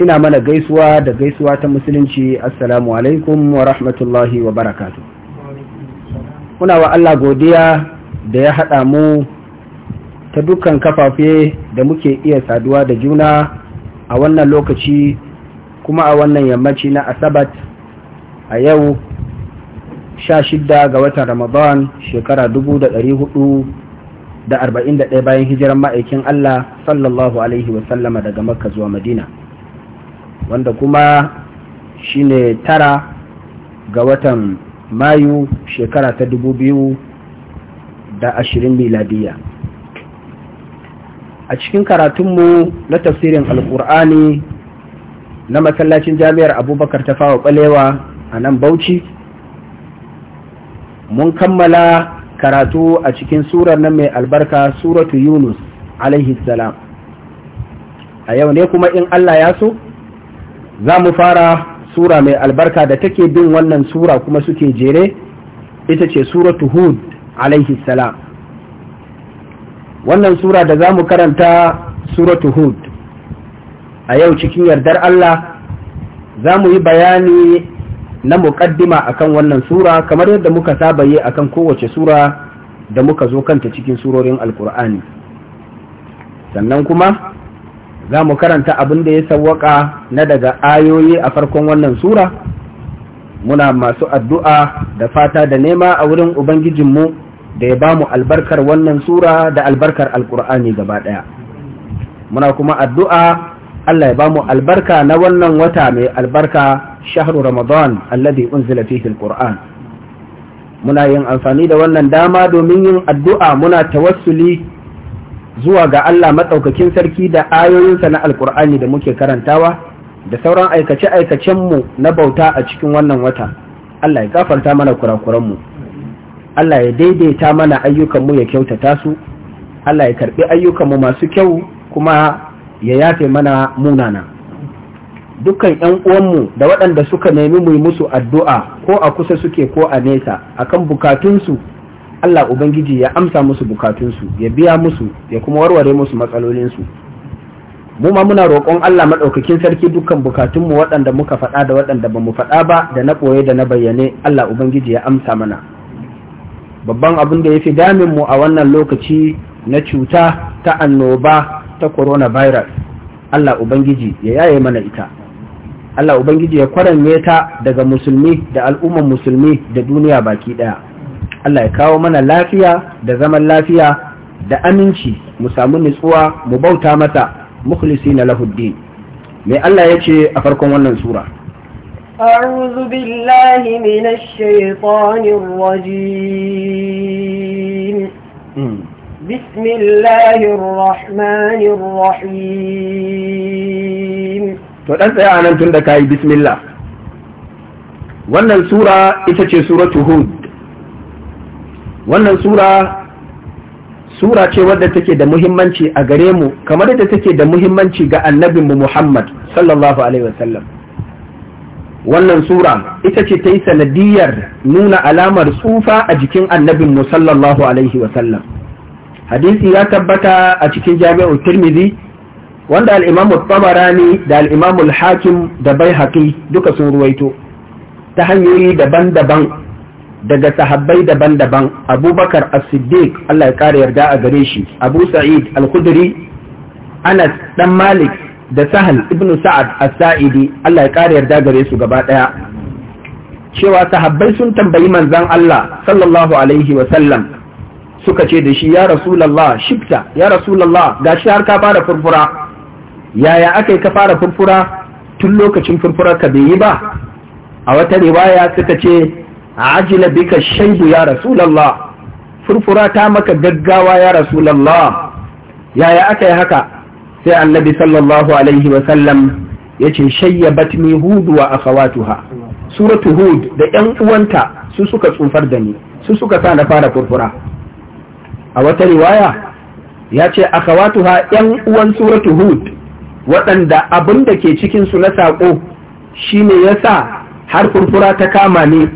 ina mana gaisuwa da gaisuwa ta musulunci assalamu alaikum wa rahmatullahi wa barakatu muna wa Allah godiya da ya haɗa mu ta dukkan kafafe da muke iya saduwa da juna a wannan lokaci kuma a wannan yammaci na asabat a yau sha 16 ga watan ramadan shekara 441 bayan hijiran ma'aikin Allah sallallahu alaihi wasallama daga makka zuwa madina wanda kuma shi ne tara ga watan mayu shekara ta dubu biyu da ashirin miladiya a cikin karatunmu na tafsirin alkur'ani na masallacin jami'ar abubakar ta fawa balewa a nan bauchi mun kammala karatu a cikin surar nan mai albarka suratu yunus alaihi salam a yau ne kuma in allah ya so za mu fara sura mai albarka da take bin wannan sura kuma suke jere ita ce suratu hud alaihi salam wannan sura da za mu karanta suratu hud a yau cikin yardar Allah za mu yi bayani na muƙaddima akan wannan sura kamar yadda muka saba'ye yi akan kowace sura da muka zo kanta cikin surorin alkur'ani sannan kuma za mu karanta abin da ya sawwaka na daga ayoyi a farkon wannan sura muna masu addu'a da fata da nema a wurin ubangijinmu da ya ba mu albarkar wannan sura da albarkar alkur'ani gaba ɗaya muna kuma addu'a Allah ya ba mu albarka na wannan wata mai albarka shahru ramadan alladhi unzila fihi alqur'an muna yin amfani da wannan dama domin yin addu'a muna tawassuli zuwa ga Allah matsaukakin sarki da ayoyinsa na alkur'ani da muke karantawa da sauran aikace-aikacenmu na bauta a cikin wannan wata Allah ya gafarta mana kurakuranmu Allah ya daidaita mana ayyukanmu ya kyautata su Allah ya karbi ayyukanmu masu kyau kuma ya yafe mana munana dukkan yan uwanmu da waɗanda suka nemi mu musu addu'a ko a kusa suke ko a nesa akan bukatunsu Allah Ubangiji ya amsa musu bukatunsu ya biya musu ya kuma warware musu matsalolinsu mu ma muna roƙon Allah maɗaukakin sarki dukkan bukatunmu waɗanda muka faɗa da waɗanda ba mu faɗa ba da na ɓoye da na bayyane Allah Ubangiji ya amsa mana babban abin da ya fi damin mu a wannan lokaci na cuta ta annoba ta coronavirus Allah Ubangiji ya yaye mana ita Allah Ubangiji ya kwaranye ta daga musulmi da al'umman musulmi da duniya baki ɗaya Allah ya kawo mana lafiya da zaman lafiya da aminci mu samu nutsuwa mu bauta mata na lahuddin mai Allah ya ce a farkon wannan sura أعوذ بالله من الشيطان الرجيم بسم الله الرحمن to dan tsaya anan tun da kai bismillah wannan sura ita ce suratu hud wannan sura sura ce wadda take da muhimmanci a gare mu kamar yadda take da muhimmanci ga annabin mu, Muhammad sallallahu alaihi wasallam wannan sura ita ce ta yi sanadiyar nuna alamar tsufa a jikin annabin mu, sallallahu alaihi wasallam hadisi ya tabbata a cikin jami'ar tirmidhi wanda al'imamu tabarani da Al'imamul hakim da bai duka sun ruwaito ta hanyoyi daban-daban daga sahabbai daban-daban abubakar as-siddiq Allah ya kare yarda a gare shi abu sa'id al-khudri anas dan malik da sahal ibnu sa'ad as-sa'idi Allah ya kare yarda gare su gaba daya cewa sahabbai sun tambayi manzon Allah sallallahu alaihi wa sallam suka ce da shi ya rasulullah shifta ya rasulullah shi har ka fara furfura yaya akai ka fara furfura tun lokacin furfurar ka bai yi ba a wata riwaya suka ce ajila bika shaidu ya rasulallah furfura ta maka gaggawa ya rasulallah yaya aka yi haka sai annabi sallallahu alaihi wasallam ya ce shayyabat ni hudu wa akhawatuha suratu hud da yan uwanta su suka tsufar da ni su suka sa na fara furfura a wata riwaya ya ce akhawatuha yan uwan suratu hud waɗanda abin da ke cikinsu na saƙo shine ne yasa har furfura ta kama ni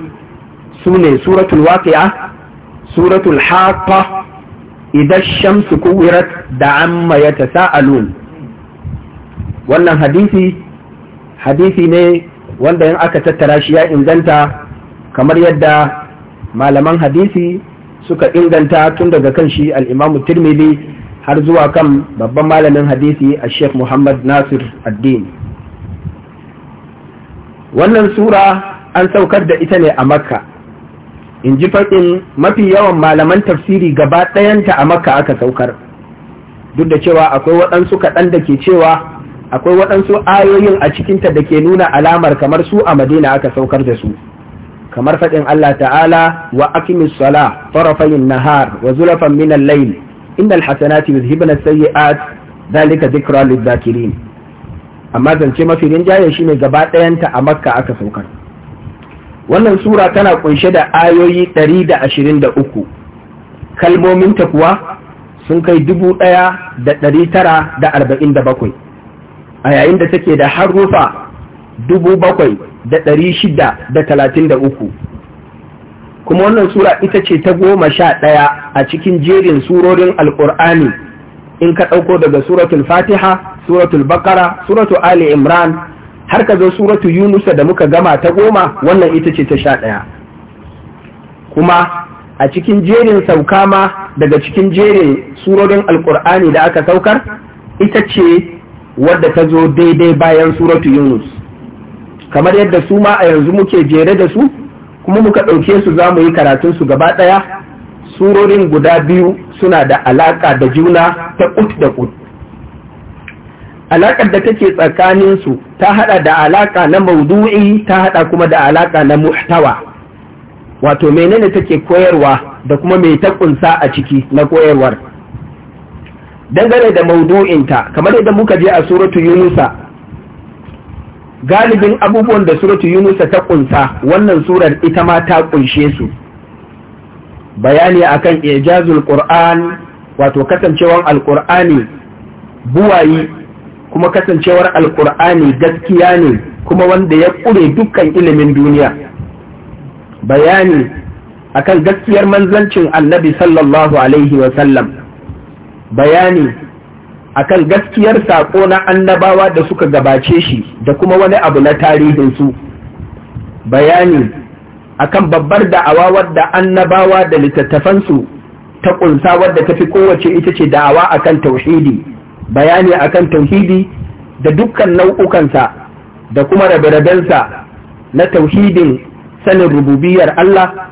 su ne suratul waqi'a suratul haqqa idan shamsu kuwirat da amma ya ta sa’alun wannan hadisi hadisi ne wanda in aka tattara shi ya inganta kamar yadda malaman hadisi suka inganta tun daga kan shi al'imamu turmili har zuwa kan babban malamin hadisi a sheikh muhammad nasir addini wannan sura an saukar da ita ne a makka in ji faɗin mafi yawan malaman tafsiri gaba ɗayanta a makka aka saukar duk da cewa akwai waɗansu kaɗan da ke cewa akwai waɗansu ayoyin a cikinta da ke nuna alamar kamar su a madina aka saukar da su kamar faɗin Allah ta'ala wa aqimis sala Farafain nahar wa zulafan min al-layl innal hasanati yuzhibna as-sayyi'at dhalika dhikra lidh-dhakirin amma zance mafi rinjaye shine gaba ɗayanta a makka aka saukar wannan sura tana kunshe da ayoyi ɗari 123 kalmominta kuwa sun kai dubu ɗaya da 1947 a yayin da take da harufa uku. kuma wannan sura ita ce ta goma sha ɗaya a cikin jerin surorin alƙur'ani in ka ɗauko daga suratul fatiha suratul bakara suratul ali imran har ka zo suratu yunusa da muka gama ta goma wannan ita ce ta sha ɗaya kuma a cikin jerin sauka ma daga cikin jerin surorin alkur'ani da aka saukar ita ce wadda ta zo daidai bayan suratu yunus kamar yadda su ma a yanzu muke jere da su kuma muka ɗauke su za mu yi karatunsu gaba ɗaya surorin guda biyu suna da alaƙa da juna ta ƙut da ƙut alaƙar da take tsakaninsu ta haɗa da alaƙa na maudu'i ta haɗa kuma da alaƙa na muhtawa wato menene take koyarwa da kuma mai ta ƙunsa a ciki na koyarwar dangane da maudu'inta kamar yadda muka je a suratu yunusa galibin abubuwan da suratu yunusa ta ƙunsa, wannan surar ita ma ta kunshe su bayani akan ijazul qur'an wato kasancewan alqur'ani buwayi kuma kasancewar alkur'ani gaskiya ne kuma wanda ya ƙure dukkan ilimin duniya bayani akan gaskiyar manzancin annabi sallallahu alaihi wasallam bayani akan gaskiyar saƙo na annabawa da suka gabace shi da kuma wani abu na tarihinsu bayani akan babbar da'awa wadda annabawa da littattafansu ta ƙunsa wadda tafi fi kowace ita ce da'awa akan tauhidi bayani akan tauhidi da dukkan nau'ukansa da kuma rabe-rabensa na tauhidin sanin rububiyar Allah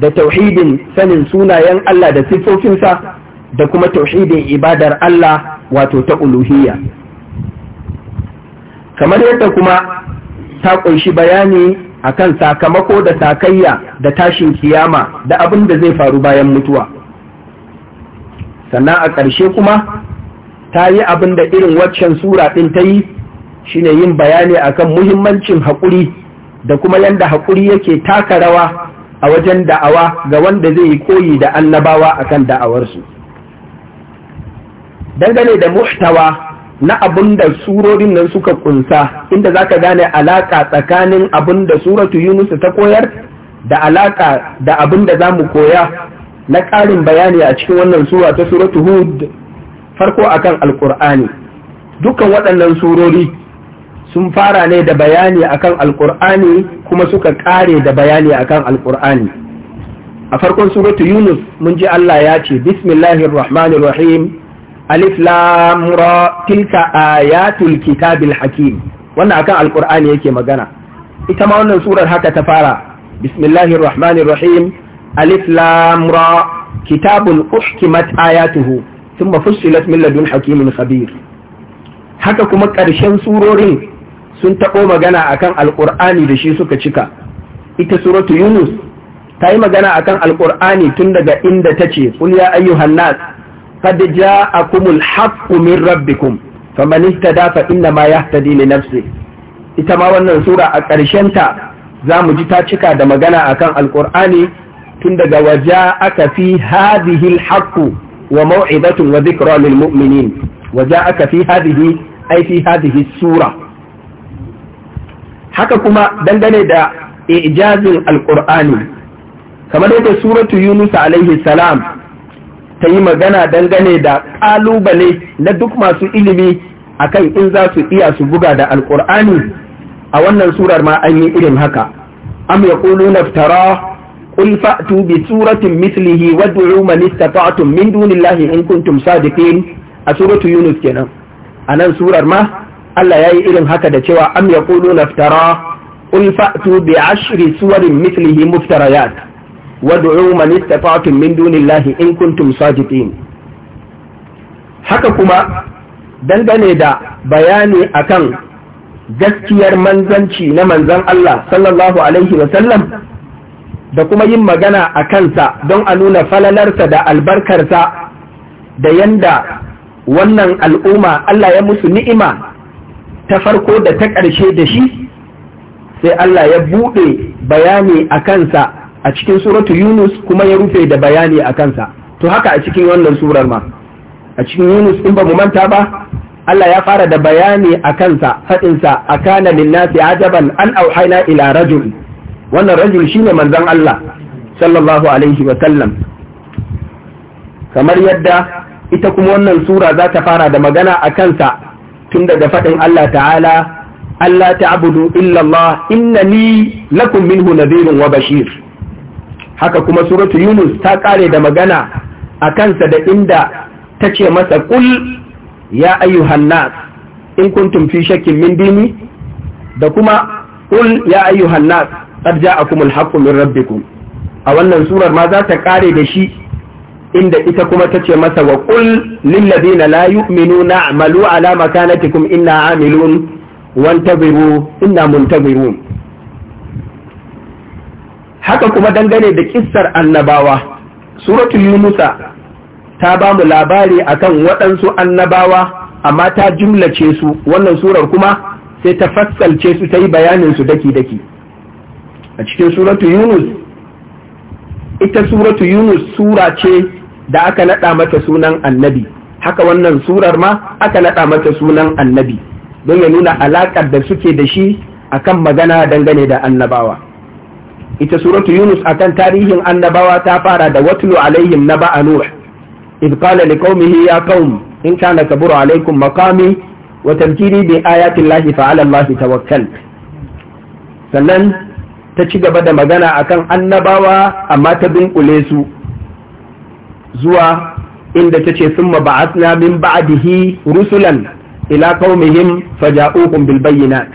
da tauhidin sanin sunayen Allah da siffofinsa da kuma tauhidin ibadar Allah wato ta uluhiyya kamar yadda kuma ta ƙunshi bayani akan sakamako da sakayya da tashin kiyama da abin da zai faru bayan mutuwa sannan a ƙarshe kuma ta yi abin da irin waccan sura ɗin ta yi shi ne yin bayani a kan muhimmancin haƙuri da kuma yadda haƙuri yake taka rawa a wajen da'awa ga wanda zai yi koyi da annabawa a kan da'awarsu dangane da muhtawa na abin da surorin nan suka kunsa inda za ka gane alaƙa tsakanin abin da suratu yunus ta koyar da alaƙa da abin da za mu koya na ƙarin bayani a cikin wannan sura ta suratu hud farko akan alkur'ani dukkan waɗannan surori sun fara ne da bayani akan alkur'ani kuma suka ƙare da bayani akan alkur'ani a farkon suratu yunus mun ji allah ya ce bismillahirrahmanirrahim alif lam tilka ayatul kitabil hakim wannan akan alkur'ani yake magana ita ma wannan surar haka ta fara bismillahirrahmanirrahim alif lamura kitabun uhkimat ayatuhu thumma fussilat min ladun hakimin khabir haka kuma ƙarshen surorin sun taɓo magana akan alƙur'ani da shi suka cika ita suratu yunus ta yi magana akan alƙur'ani tun daga inda ta ce qul ya ayyuhan nas qad ja'akumul haqqu min rabbikum faman ihtada fa inna ma yahtadi li nafsi ita ma wannan sura a ƙarshen ta zamu ji ta cika da magana akan alƙur'ani tun daga waja aka fi hadhihi alhaqqu Wa وذكرى للمؤمنين وجاءك في هذه أي في هذه السورة haka kuma dangane da ijazin alkur'ani kamar yadda suratu yunus alaihi salam ta yi magana dangane da ƙalubale na duk masu ilimi akan in za su iya su buga da alkur'ani a wannan surar ma an irin haka am yaquluna iftara قل فأتوا بسورة مثله وادعوا من استطعتم من دون الله إن كنتم صادقين سورة يونس كنا أنا سورة ما ألا يأي إلن هكذا شوى أم يقولون افتراه قل فأتوا بعشر سور مثله مفتريات وادعوا من استطعتم من دون الله إن كنتم صادقين حككما dangane da bayani akan gaskiyar manzanci na manzan Allah sallallahu alaihi wasallam da kuma yin magana a kansa don a nuna falalarsa da albarkarsa da yanda wannan al'umma Allah ya musu ni'ima ta farko da ta ƙarshe da shi sai Allah ya buɗe bayani a kansa a cikin suratu Yunus kuma ya rufe da bayani a kansa to haka a cikin wannan surar ma a cikin Yunus in ba mu manta ba Allah ya fara da bayani a kansa faɗinsa a kanalin nasi ajaban an auhaina ila rajul wannan rajul shine manzon Allah sallallahu alaihi kamar yadda ita kuma wannan sura za ta fara da magana a kansa tun daga faɗin Allah ta'ala Allah ta'budu illa Allah innani lakum minhu nadhirun wa bashir haka kuma suratu Yunus ta kare da magana a kansa da inda ta ce masa kul ya ayyuhan nas in kuntum fi shakkin min dini da kuma qul ya ayyuhan nas qad ja'akumul haqqu min rabbikum a wannan surar ma za ta kare da shi inda ita kuma ta ce masa wa qul lil ladina la yu'minuna a'malu ala makanatikum inna amilun wantabiru inna muntabirun haka kuma dangane da kissar annabawa suratul yunusa ta bamu labari akan waɗansu annabawa amma ta jumlace su wannan surar kuma sai ta fassalce su ta yi bayanin su daki-daki a cikin suratu yunus ita suratu yunus sura ce da aka naɗa mata sunan annabi haka wannan surar ma aka naɗa mata sunan annabi don ya nuna alaƙar da suke da shi akan magana dangane da annabawa ita suratu yunus akan tarihin annabawa ta fara da watlu alaihim na ba'a nuh idh qala liqaumihi ya qaum in kana kabura alaikum maqami wa tamkiri bi ayatin lahi fa'ala Allah tawakkal sannan ta ci gaba da magana akan annabawa amma ta dunkule su zuwa inda ta ce summa ba'athna min ba'dihi rusulan ila qaumihim faja'uhum bil bayyinat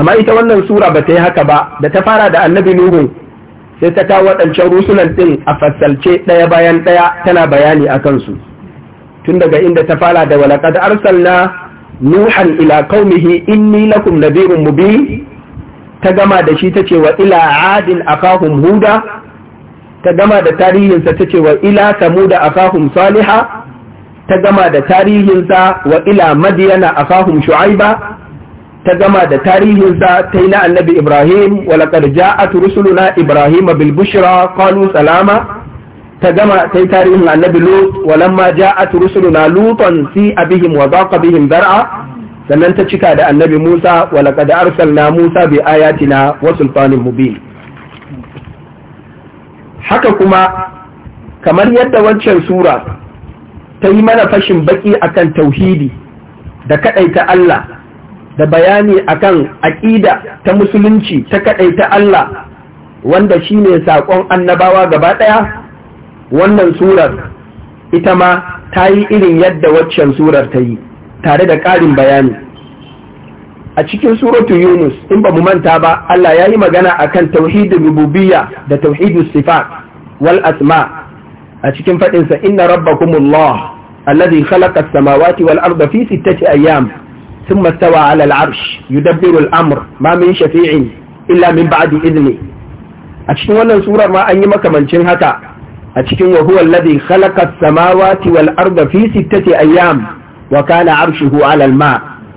amma ita wannan sura ba ta yi haka ba da ta fara da annabi nuhu sai ta kawo wadancan rusulan ɗin a fassalce ɗaya bayan ɗaya tana bayani a kansu tun daga inda ta fara da walaqad arsalna nuhan ila qaumihi inni lakum nadhirun mubin ta gama da shi tace wa ila adin akahum huda ta gama da tarihinsa tace wa ila samuda akahum saliha ta gama da tarihinsa wa ila madiyana akahum shu'aiba ta gama da tarihinsa ta na annabi ibrahim wa laqad ja'at rusuluna ibrahima bil bushra qalu salama ta gama ta yi tarihin annabi lut walamma ja'at rusuluna lutan fi abihim wa baqa bihim dar'a sannan ta cika da annabi Musa wa laqad arsalna Musa bi ayatina wa sultanin mubin haka kuma kamar yadda wancan sura ta yi mana fashin baki akan tauhidi da kadaita Allah da bayani akan aƙida ta musulunci ta kadaita Allah wanda shine saƙon annabawa gaba ɗaya wannan surar ita ma ta yi irin yadda waccan surar ta yi tare da ƙarin bayani a cikin suratu yunus in ba mu manta ba Allah ya yi magana a kan tauhidin rububiyya da tauhidin sifat wal asma a cikin faɗinsa inna rabbakumullah alladhi khalaqa samawati wal arda fi sittati ayyam thumma istawa 'ala al-'arsh yudabbiru al-amr ma min shafi'in illa min ba'di idni a cikin wannan surar ma an yi makamancin haka a cikin wa huwa alladhi khalaqa as-samawati wal arda fi sittati ayyam wa kana arshuhu 'ala al-ma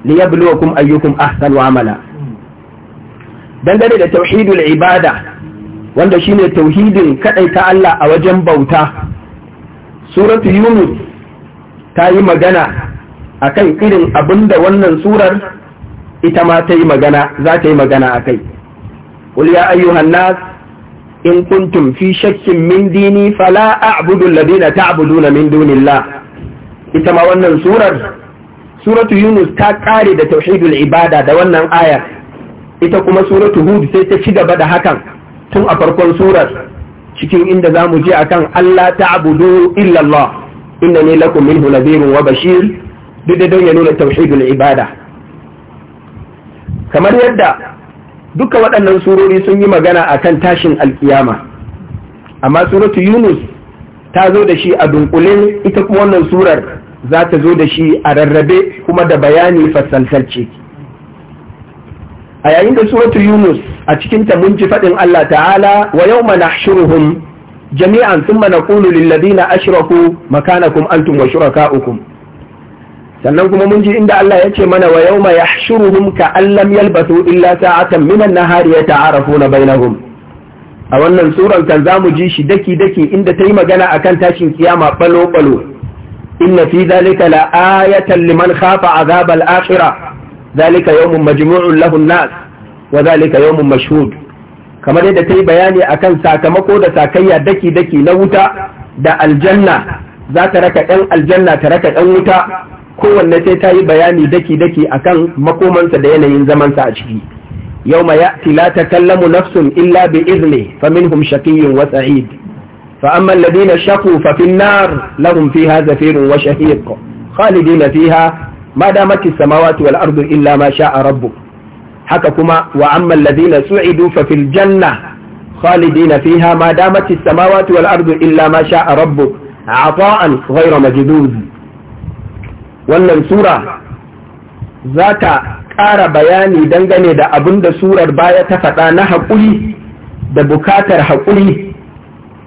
liyabluwakum ayyukum ahsanu amala dangane da tauhidul ibada wanda shine tauhidin ta Allah a wajen bauta suratu yunus ta yi magana akan irin abinda wannan surar ita ma ta yi magana za ta yi magana akai qul ya ayyuhan nas in kuntum fi shakkin min dini fala a'budu alladhina ta'buduna min dunillah ita ma wannan surar suratu yunus ta kare da tauhidul ibada da wannan ayar ita kuma suratu hud sai ta ci gaba da hakan tun a farkon surar cikin inda za mu je akan Allah ta'budu illa Allah innani lakum minhu nadhirun wa bashir duk da don ya nuna tauhidul ibada kamar yadda duka waɗannan surori sun yi magana akan tashin alkiyama amma suratu yunus ta zo da shi a dunkulin ita kuma wannan surar za ta zo da shi a rarrabe kuma da bayani fassalsalce a yayin da suratu yunus a cikinta mun ji faɗin allah ta'ala wa yau mana jami'an sun mana kulu lillazina ashraku makanakum antum wa shuraka'ukum sannan kuma mun ji inda Allah ya ce mana wa ya yahshuruhum ka allam yalbasu illa sa'atan min an-nahari yata'arafuna bainahum a wannan suran kan za mu ji shi daki daki inda ta yi magana akan tashin kiyama balo balo inna fi zalika la ayatan liman khafa azab al-akhirah zalika yawmun majmu'un lahu nas wa zalika yawmun mashhud kamar yadda ta yi bayani akan sakamako da sakayya daki daki na wuta da aljanna za ta raka ɗan aljanna ta raka ɗan wuta kowanne sai ta yi bayani daki-daki a kan makomansa da yanayin zamansa a ciki yau ma ya'ti la takallamu nafsun illa bi izni fa minhum shaqiyyun wa sa'id fa amma alladhina shaqu fa fin nar lahum fiha zafirun wa shahiq khalidina fiha ma damat as-samawati wal ardu illa ma sha'a rabbuk haka kuma wa amma alladhina su'idu fa fil janna khalidina fiha ma damat as-samawati wal ardu illa ma sha'a rabbuk عطاء غير مجدود wannan sura za ta ƙara bayani dangane da abin da surar baya ta faɗa na haƙuri da bukatar haƙuri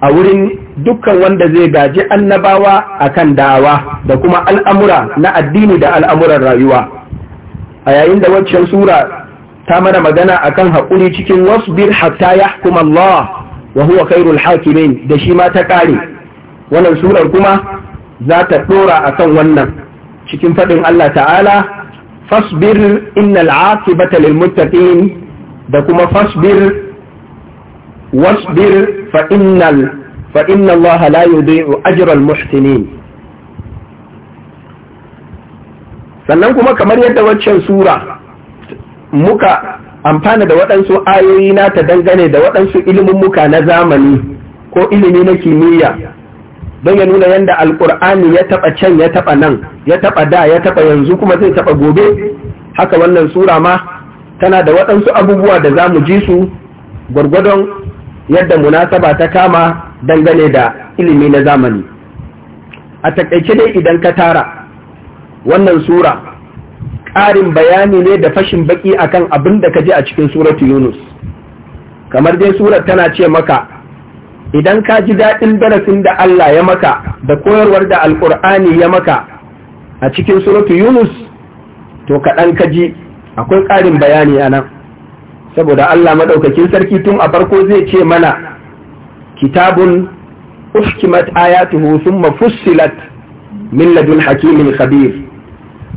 a wurin dukkan wanda zai gaji annabawa a kan dawa da kuma al'amura na addini da al'amuran rayuwa a yayin da waccan sura ta mana magana a kan haƙuri cikin wasu hatta ya kuma Allah wa huwa khairul hakimin da shi ma ta ƙare wannan surar kuma za ta ɗora a kan wannan cikin faɗin Allah ta'ala fasbir innal aqibata lil muttaqin da kuma fasbir wasbir fa innal fa inna Allah la yudhi'u ajra al muhsinin sannan kuma kamar yadda waccan sura muka amfana da waɗansu ayoyi na ta dangane da waɗansu ilimin muka na zamani ko ilimi na kimiyya don ya nuna yadda alkur'ani ya taɓa can ya taɓa nan ya taɓa da ya taɓa yanzu kuma zai taɓa gobe haka wannan sura ma tana da waɗansu abubuwa da za mu ji su gwargwadon yadda munasaba ta kama dangane da ilimi na zamani a taƙaice dai idan ka tara wannan sura ƙarin bayani ne da fashin baƙi akan abin da ka ji a cikin suratu yunus kamar dai surar tana ce maka idan ka ji daɗin darasin da Allah ya maka da koyarwar da alƙur'ani ya maka a cikin suratu yunus to kaɗan ka ji akwai ƙarin bayani a nan saboda Allah maɗaukakin sarki tun a farko zai ce mana kitabun ufkimat ayatuhu thumma fussilat min ladun hakimin khabir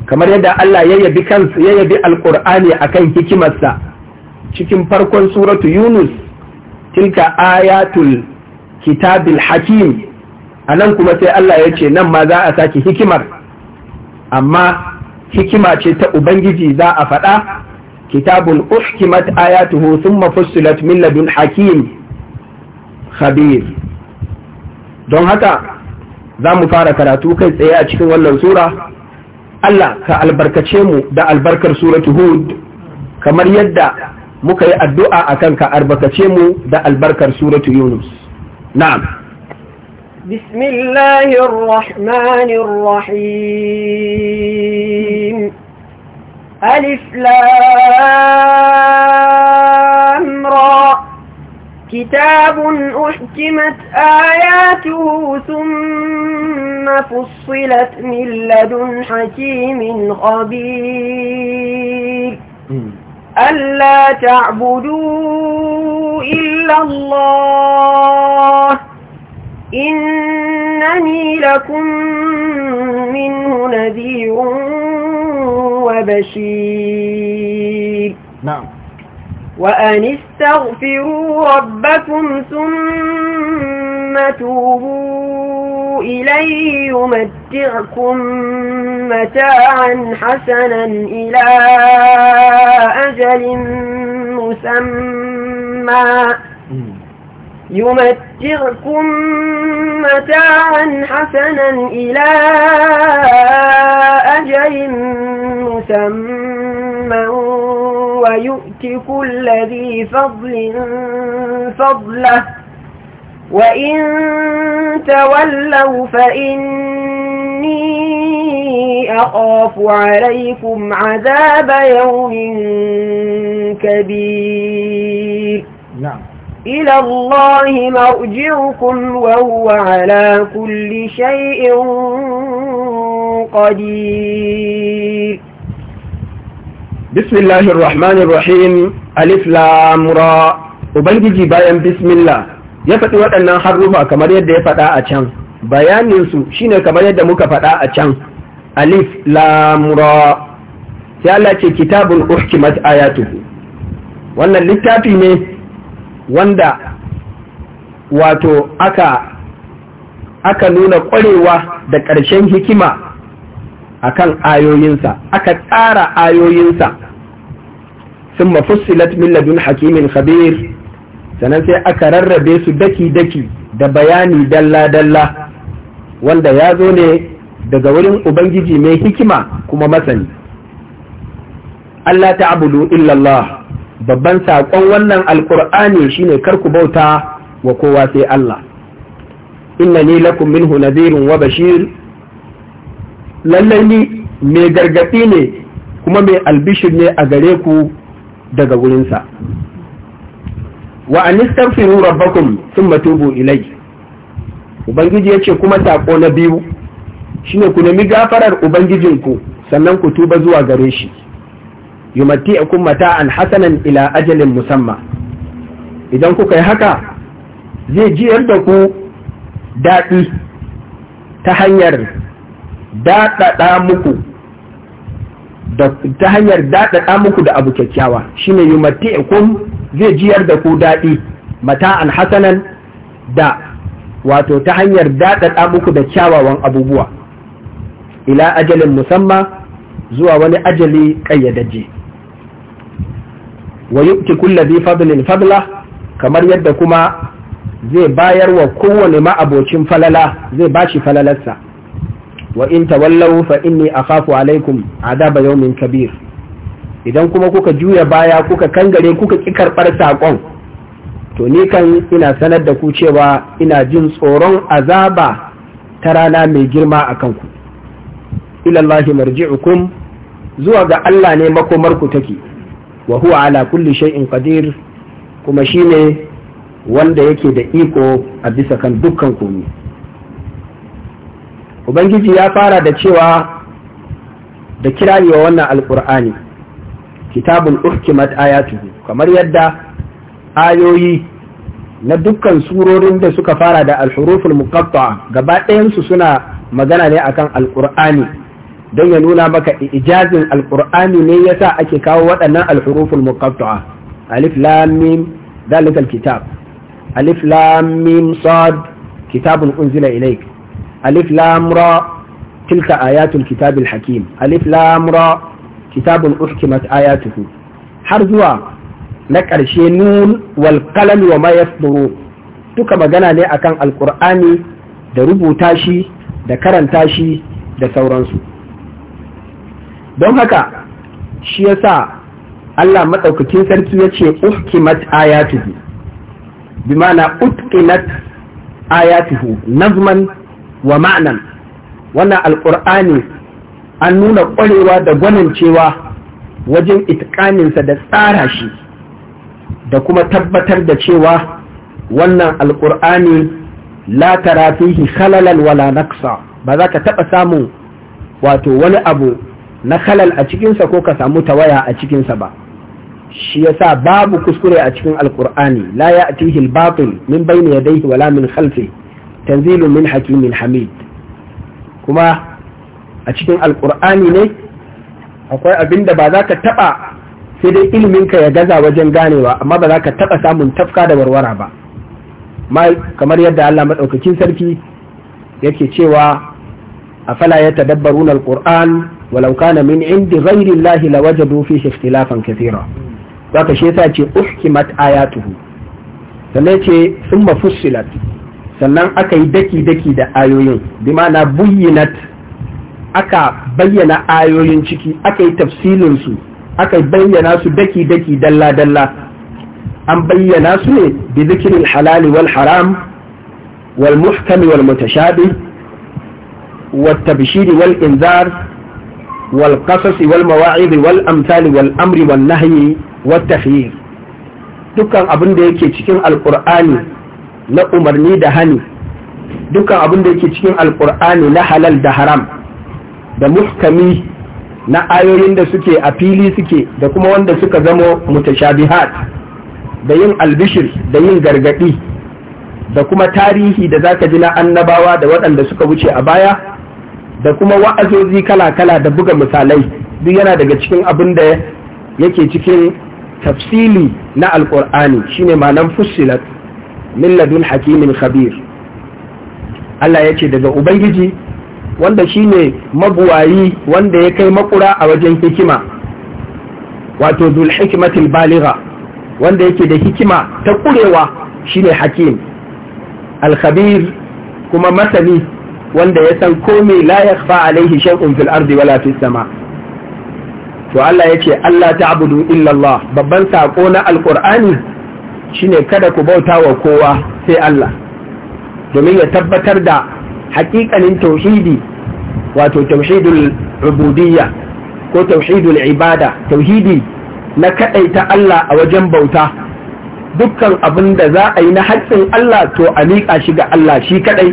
kamar yadda Allah ya yabi kansa ya yabi alqur'ani akan hikimarsa cikin farkon suratu yunus tilka ayatul kitabil hakim a nan kuma sai Allah ya ce nan ma za a sake hikimar amma hikima ce ta ubangiji za a faɗa kitabun uhkimat ayatuhu thumma fussilat min ladun hakim khabir don haka za mu fara karatu kai tsaye a cikin wannan sura Allah ka albarkace mu da albarkar suratu hud kamar yadda muka yi addu'a akan ka albarkace mu da albarkar suratu yunus نعم بسم الله الرحمن الرحيم ألف لام را كتاب أحكمت آياته ثم فصلت من لدن حكيم خبير ألا تعبدوا إلا الله إنني لكم منه نذير وبشير نعم وأن استغفروا ربكم ثم توبوا إليه يمتعكم متاعا حسنا إلى أجل مسمى يمتعكم متاعا حسنا إلى أجل مسمى ويؤتي كل ذي فضل فضله وإن تولوا فإني أخاف عليكم عذاب يوم كبير نعم إلى الله مرجعكم وهو على كل شيء قدير bismillahir rahmanir rahim alif lam ra ubangiji bayan bismillah ya faɗi waɗannan harufa kamar yadda ya faɗa a can bayanin shine kamar yadda muka faɗa a can alif lam ra sai Allah ce kitabun uhkimat wannan littafi ne wanda wato aka aka nuna ƙwarewa da ƙarshen hikima akan ayoyinsa aka tsara ayoyinsa sun mafussilat min ladun hakimin khabir sanan sai aka rarrabe su daki-daki da bayani dalla-dalla wanda ya zo ne daga wurin ubangiji mai hikima kuma masani Allah ta'budu illallah babban saƙon wannan alƙur'ani shine karku bauta wa kowa sai Allah Inna ni lakum minhu nadhirun wa bashir lallai ni mai gargaɗi ne kuma mai albishir ne a gare ku daga wurinsa wa an istaghfiru rabbakum thumma tubu ilayhi ubangiji yace kuma sako na biyu shine ku nemi gafarar ubangijinku sannan ku tuba zuwa gare shi yumati'ukum mata'an hasanan ila ajalin musamma idan kuka yi haka zai jiyar da ku daɗi ta hanyar daɗaɗa muku ta hanyar daɗaɗa muku da abu kyakkyawa shi shine Kun zai jiyar da ku daɗi mata mata'an hasanan da wato ta hanyar daɗaɗa muku da kyawawan abubuwa ila ajalin musamma zuwa wani ajali ƙayyadajje wa yu'ti kullabi fadlin fadla kamar yadda kuma zai bayar wa kowane ma'abocin falala zai ba shi falalarsa wa in tawallaw fa inni akhafu alaikum adaba yawmin kabir idan kuma kuka juya baya kuka kangare kuka ki karbar sakon to ni kan ina sanar da ku cewa ina jin tsoron azaba ta rana mai girma a kanku ilallahi marji'ukum zuwa ga Allah ne makomar ku take wa huwa ala kulli shay'in qadir kuma shine wanda yake da iko a bisa kan dukkan komai ubangiji ya fara da cewa da kirari wa wannan alkur'ani kitabun uhkimat ayatuhu kamar yadda ayoyi na dukkan surorin da suka fara da alhuruful muqatta'a gaba ɗayansu suna magana ne akan alkur'ani don ya nuna maka ijazin alkur'ani ne yasa ake kawo waɗannan alhuruful muqatta'a alif lam mim dalikal kitab alif lam mim sad kitabun unzila ilayk alif lamura tilka ayatul kitabil hakim alif lamura kitabun uhkimat ayatuhu har zuwa na ƙarshe nun wal qalam wa ma yasduru duka magana ne akan alqur'ani da rubuta shi da karanta shi da sauransu don haka shi yasa Allah maɗaukakin sarki ya ce uhkimat ayatuhu bimana utqinat ayatuhu nazman wa ma'anan wannan alƙur'ani an nuna ƙwarewa da gwanin cewa wajen itƙaninsa da tsara shi da kuma tabbatar da cewa wannan alƙur'ani la tara fihi khalalan wala naqsa ba za ka taɓa samun wato wani abu na khalal a cikinsa ko ka samu tawaya a cikinsa ba shi yasa babu kuskure a cikin alkur'ani la ya'tihi al-batil min bayni yadayhi wala min khalfihi tanzilun min hakimin hamid kuma a cikin alkur'ani ne akwai abin da ba za ka taɓa sai dai iliminka ya gaza wajen ganewa amma ba za ka taɓa samun tafka da warwara ba kamar yadda Allah maɗaukakin sarki yake cewa a fala ya tadabbaruna alquran walau kana min indi ghairi llahi lawajadu fihi ikhtilafan kathira ka shi yasa ce uhkimat ayatuhu sannan ce summa fussilat sannan aka yi daki-daki da ayoyin bi ma'ana aka bayyana ayoyin ciki aka yi tafsilinsu aka bayyana su daki-daki dalla-dalla an bayyana su ne bi zikirin halali wal haram wal muhkami wal mutashabi wal tabshiri wal inzar wal kasasi wal mawa'idi wal amsali wal amri wal nahyi wal takhyir dukkan abin da yake cikin alqur'ani na umarni da hani dukkan abin da yake cikin alkur'ani na halal da haram da muskami na ayoyin da suke a fili suke da kuma wanda suka zamo mutashabihat da yin albishir da yin gargadi da kuma tarihi da zaka ji na annabawa da waɗanda suka wuce a baya da kuma wa'azozi kala-kala da buga misalai duk yana daga cikin abin da yake cikin tafsili na alkur'ani shine malam fussilat min ladun hakimin khabir Allah ya ce daga ubangiji wanda shine mabuwayi wanda ya kai makura a wajen hikima wato zul hikmatil baliga wanda yake da hikima ta kurewa shine hakim al kuma masani wanda ya san komai la yakhfa alaihi shay'un fil ardi wala fis sama to Allah yace Allah ta'budu abudu Allah babban sako na alqur'ani shine kada ku bauta wa kowa sai Allah domin ya tabbatar da haƙiƙanin tauhidi wato tauhidul ubudiyya ko tauhidul ibada tauhidi na kadaita Allah a wajen bauta dukkan abin da za a yi na haƙƙin Allah to a miƙa shi ga Allah shi kadai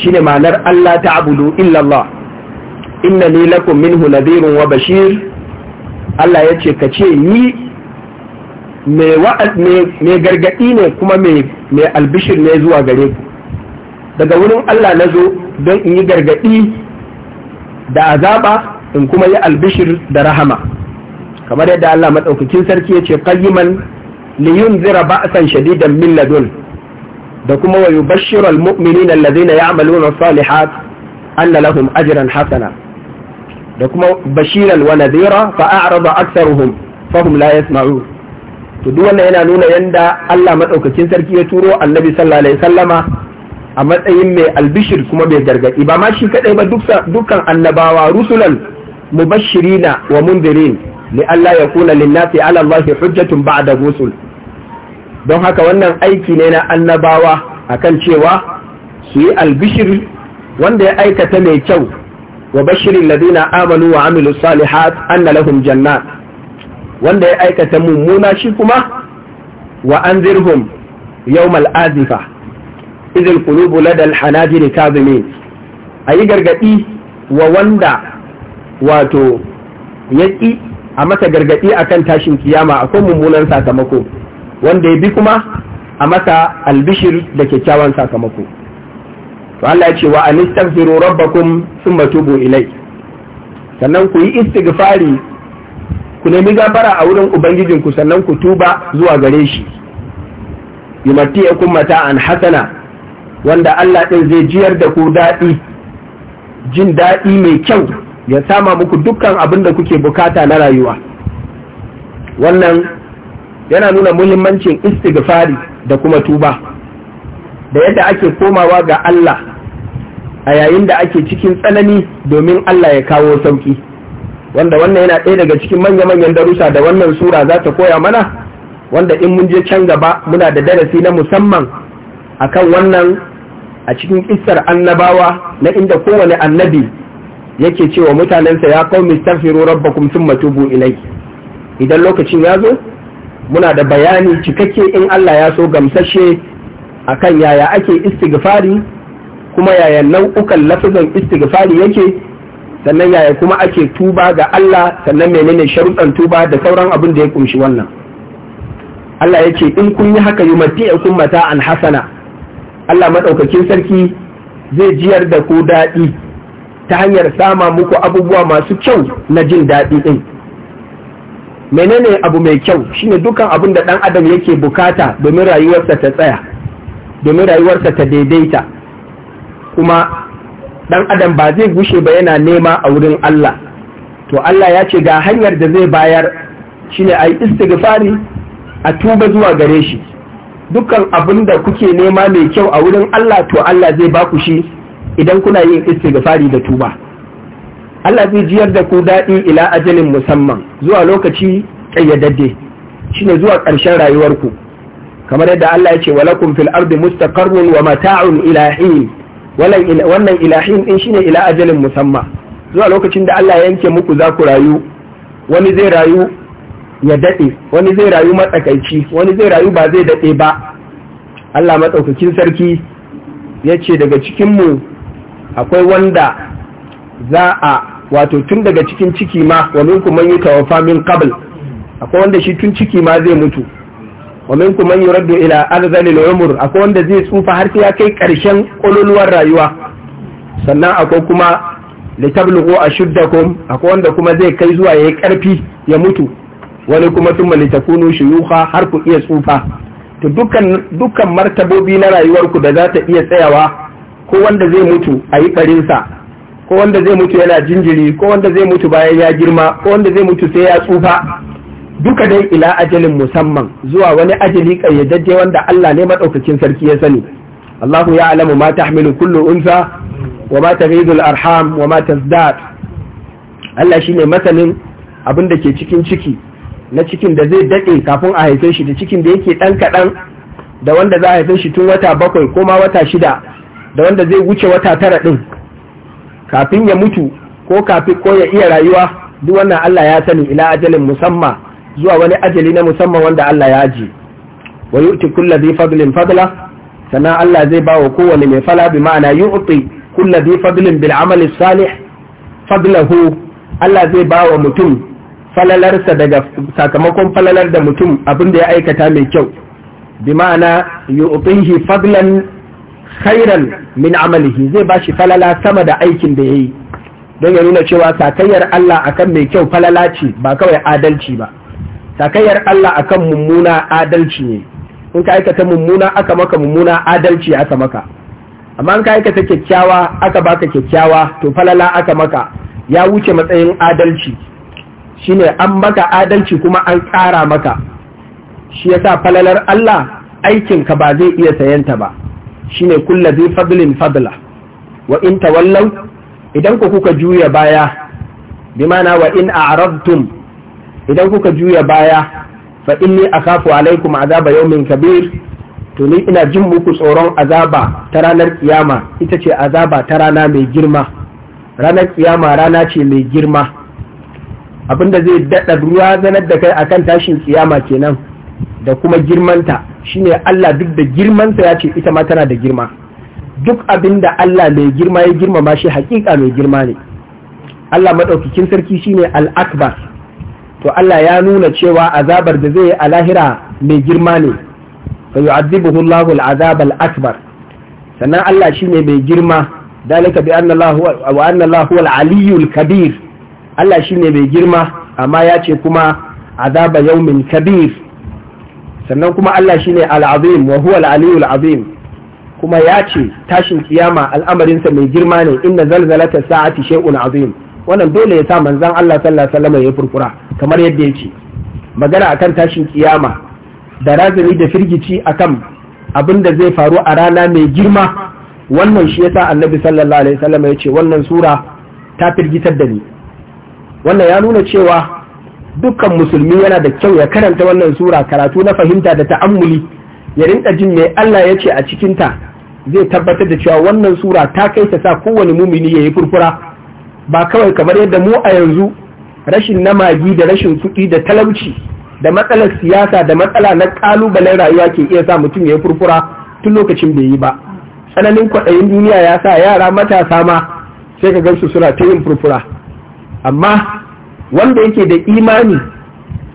shine ma'anar Allah ta'budu illa Allah innani lakum minhu nadhirun wa bashir Allah yace kace ni mai gargaɗi ne kuma mai albishir ne zuwa gare ku daga wurin Allah na zo don in yi gargaɗi da azaba in kuma yi albishir da rahama kamar yadda Allah maɗaukakin sarki ya ce qayyiman liyun zira ba'san shadidan min ladun da kuma wa yubashshiru almu'minina alladhina ya'maluna salihat anna lahum ajran hasana da kuma bashiran wa nadhira fa a'rada aktharuhum fahum la yasma'un to duk wannan yana nuna yanda Allah madaukakin sarki ya turo annabi sallallahu alaihi sallama a matsayin mai albishir kuma bai gargadi ba ma shi kadai ba dukkan annabawa rusulan mubashirina wa mundirin li Allah ya kuna linnasi ala Allah hujjatun ba'da rusul don haka wannan aiki ne na annabawa akan cewa su yi albishir wanda ya aikata mai kyau wa bashirin ladina amanu wa amilu salihat anna lahum jannat wanda ya aikata mummuna shi kuma wa an zirhum yau azifa izin kulubu ladal zume a yi gargadi wa wanda wato ƙi a masa gargaɗi a kan tashin kiyama akwai mummunan sakamako wanda ya bi kuma a masa albishir da kyakkyawan sakamako to Allah ya ce wa anistaghfiru rabbakum thumma tubu ilai sannan ku yi istighfari ku nemi gafara a wurin ubangijin ku sannan ku tuba zuwa gare shi yumatti'akum an hasana wanda Allah ɗin zai jiyar da ku daɗi jin daɗi mai kyau ya sama muku dukkan abin da kuke bukata na rayuwa wannan yana nuna muhimmancin istighfari da kuma tuba da yadda ake komawa ga Allah a yayin da ake cikin tsanani domin Allah ya kawo sauki. wanda wannan yana ɗaya daga cikin manya-manyan darussa da wannan sura za ta koya mana wanda in mun je can gaba muna da darasi na musamman akan wannan a cikin kissar annabawa na inda kowane annabi yake cewa mutanensa ya kawo mistafiru rabbakum sun matubu ilai idan lokacin ya zo muna da bayani cikakke in Allah ya so gamsashe akan yaya ake istighfari kuma yaya nau'ukan lafizan istighfari yake sannan yaya kuma ake tuba ga Allah sannan menene sharuɗan tuba da sauran abin da ya ƙunshi wannan Allah ya ce in kun yi haka yi a kun mata an hasana Allah maɗaukakin sarki zai jiyar da ku daɗi ta hanyar sama muku abubuwa masu kyau na jin daɗi ɗin menene abu mai kyau shine dukan abin da ɗan adam yake bukata domin rayuwarsa ta tsaya domin rayuwarsa ta daidaita kuma Ɗan adam ba zai gushe ba yana nema a wurin Allah to Allah ya ce ga hanyar da zai bayar shine ayi istighfari a tuba zuwa gare shi dukkan abin da kuke nema mai kyau a wurin Allah to Allah zai ba ku shi idan kuna yin istighfari da tuba Allah zai jiyar da ku daɗi ila ajalin musamman zuwa lokaci ƙayyadadde shine zuwa ƙarshen rayuwarku kamar yadda Allah ya ce walakum fil ardi mustaqarrun wa mata'un ila hin wannan ilahin din shine ila ajalin musamman, zuwa lokacin da Allah ya yanke muku za ku rayu wani zai rayu ya daɗe wani zai rayu matsakaici wani zai rayu ba zai daɗe ba Allah matsaukakin sarki ya ce daga cikinmu akwai wanda za a wato tun daga cikin ciki ma wani kuma yi tawafa min qabl akwai wanda shi tun ciki ma zai mutu wa kuma man yuraddu ila arzalil umur akwai wanda zai tsufa har sai ya kai karshen kololuwar rayuwa sannan akwai kuma litablughu ashuddakum akwai wanda kuma zai kai zuwa yayi karfi ya mutu wani kuma thumma litakunu shuyukha har ku iya tsufa to dukkan martabobi na rayuwarku da za ta iya tsayawa ko wanda zai mutu a yi barinsa ko wanda zai mutu yana jinjiri ko wanda zai mutu bayan ya girma ko wanda zai mutu sai ya tsufa duka dai ila ajalin musamman zuwa wani ajali kayyadajje wanda Allah ne madaukakin sarki ya sani Allahu ya alamu ma tahmilu kullu unsa wa ma taghidul arham wa ma tazdad Allah shine masanin abin da ke cikin ciki na cikin da zai dade kafin a haife shi da cikin da yake dan kadan da wanda za a haife shi tun wata bakwai ko ma wata shida da wanda zai wuce wata tara din kafin ya mutu ko kafin ko ya iya rayuwa duk wannan Allah ya sani ila ajalin musamman. zuwa wani ajali na musamman wanda Allah ya ajiye. wa yu'ti kulli dhi fadlin fadla sana Allah zai bawa kowane mai fala bi ma'ana yu'ti kulli dhi fadlin bil amali salih fadlahu Allah zai bawa mutum falalarsa daga sakamakon falalar da mutum abin da ya aikata mai kyau bi ma'ana yu'tihi fadlan khairan min amalihi zai bashi falala sama da aikin da yayi don ya nuna cewa sakayyar Allah akan mai kyau falala ce ba kawai adalci ba takayyar Allah akan mummuna adalci ne in ka aikata mummuna aka maka mummuna adalci aka maka amma in ka aikata kyakkyawa aka baka kyakkyawa to falala aka maka ya wuce matsayin adalci shine an maka adalci kuma an ƙara maka shi yasa falalar Allah aikin ka ba zai iya sayanta ba shine kullu zai fadlin fadla wa in tawallaw idan ku kuka juya baya bimana wa in a'radtum idan kuka juya baya fa inni akhafu alaikum azaba yawmin kabir to ni ina jin muku tsoron azaba ta ranar kiyama ita ce azaba ta rana mai girma ranar kiyama rana ce mai girma abinda zai daɗa ruwa zanar da kai akan tashin kiyama kenan da kuma girmanta shine Allah duk da girmansa ya ce ita ma tana da girma duk abinda Allah mai girma ya girmama shi hakika mai girma ne Allah maɗaukikin sarki shine al-akbar to Allah ya nuna cewa azabar da zai a lahira mai girma ne fa yu'adhibuhu Allahu al-azab al-akbar sannan Allah shine mai girma dalika bi anna Allah wa anna Allah al kabir Allah shine mai girma amma ya ce kuma azaba yawmin kabir sannan kuma Allah shine al-azim wa huwa al azim kuma ya ce tashin kiyama al'amarinsa mai girma ne inna zalzalata sa'ati shay'un azim wannan dole ya sa manzan Allah sallallahu alaihi wasallam ya furfura kamar yadda yake magana akan tashin kiyama da razumi da firgici akan abin da zai faru a rana mai girma wannan shi yasa annabi sallallahu alaihi wasallam ya ce wannan sura ta firgitar da ni wannan ya nuna cewa dukkan musulmi yana da kyau ya karanta wannan sura karatu na fahimta da ta'ammuli ya rinka jin mai Allah ya ce a cikinta zai tabbatar da cewa wannan sura ta kai ta sa kowane mumini ya yi furfura ba kawai kamar yadda mu a yanzu rashin namagi da rashin kuɗi da talauci da matsalar siyasa da matsala na ƙalubalen rayuwa ke iya sa mutum ya yi furfura tun lokacin bai yi ba tsananin kwaɗayin duniya ya sa yara matasa ma sai ka gansu suna ta yin furfura amma wanda yake da imani